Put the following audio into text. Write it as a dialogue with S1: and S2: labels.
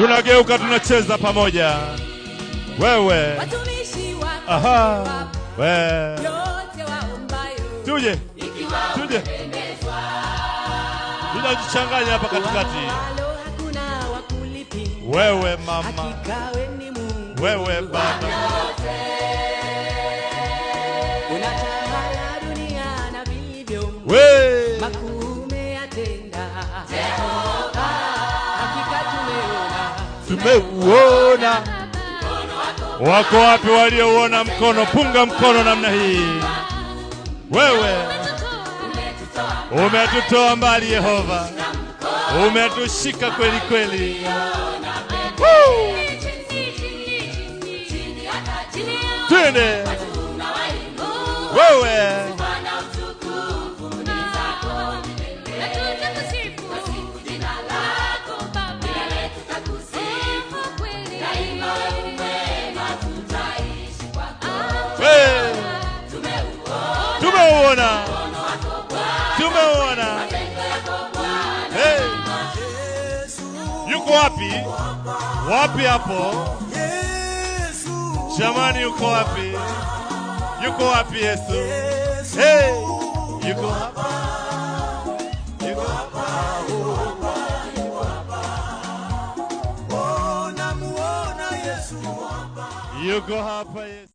S1: tunageuka tunacheza pamoja wewe Aha. wewe tuje tuje tunajichanganya hapa katikati wewe mama wewe baba Wewe.
S2: Makuu yatenda Jehovah
S1: tumeuona. Wako wapi waliouona mkono? Punga mkono namna hii. Wewe umetutoa mbali, Yehova umetushika kweli kweli. Twende wewe tumeuona, tumeuona. Hey, yuko wapi? Wapi hapo jamani? Yuko wapi? Yuko wapi Yesu? Hey, yuko wapi? yuko hapa Yesu.